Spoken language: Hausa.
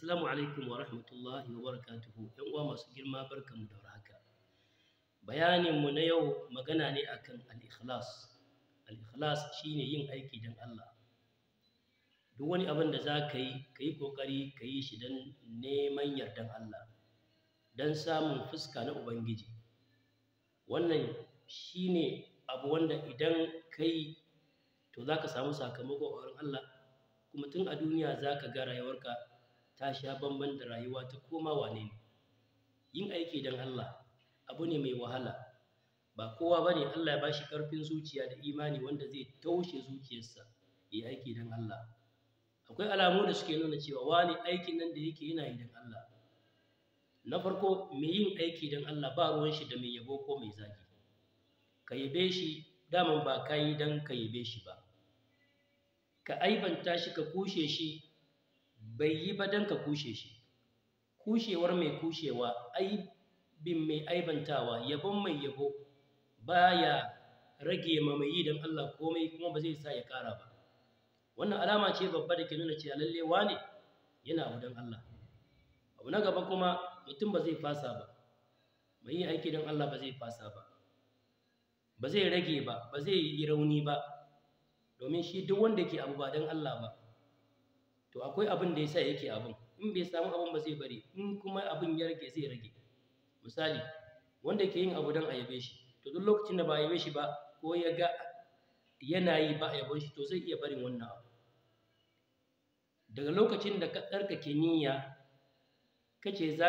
Assalamu alaikum wa rahmatullahi wa barakatuhu. ‘Yan uwa masu girma barkanmu da haka. Bayaninmu na yau magana ne akan al-ikhlas. Al-ikhlas shine yin aiki don Allah. Duk wani abin da za ka yi, ka yi ƙoƙari ka yi shi don neman yardan Allah, don samun fuska na Ubangiji. Wannan shine abu wanda idan ka yi, to za ka samu sakamako a wurin Allah, kuma tun a duniya za ka ga rayuwarka ta sha bambam da rayuwa ta koma wane ne yin aiki don Allah abu ne mai wahala ba kowa ba ne Allah ya ba shi ƙarfin zuciya da imani wanda zai taushe zuciyarsa ya yi aiki don Allah akwai alamu da suke nuna cewa wani aikin nan da yake yana yi don Allah na farko mai yin aiki don Allah ba ruwan shi da mai yabo ko mai zagi ka yabe shi daman ba ka yi don ka yabe shi ba ka aibanta shi ka kushe shi bai yi ba don ka kushe shi kushewar mai kushewa aibin mai aibantawa yabon mai yabo baya rage mamayi don Allah komai kuma ba zai sa ya kara ba wannan alama ce babba da ke nuna ce lalle wane yana wudan Allah abu na gaba kuma mutum ba zai fasa ba mai yi aiki don Allah ba zai fasa ba ba zai rage ba ba zai yi rauni ba domin shi duk wanda ke abu ba don Allah ba to akwai abin da ya sa yake abin in bai samu abin ba zai bari in kuma abin ya rage zai rage misali wanda ke yin abu don a yabe shi to duk lokacin da ba a yabe shi ba ko ya ga yana yi ba a yabe shi to zai iya barin wannan abu daga lokacin da ka tsarkake niyya kace za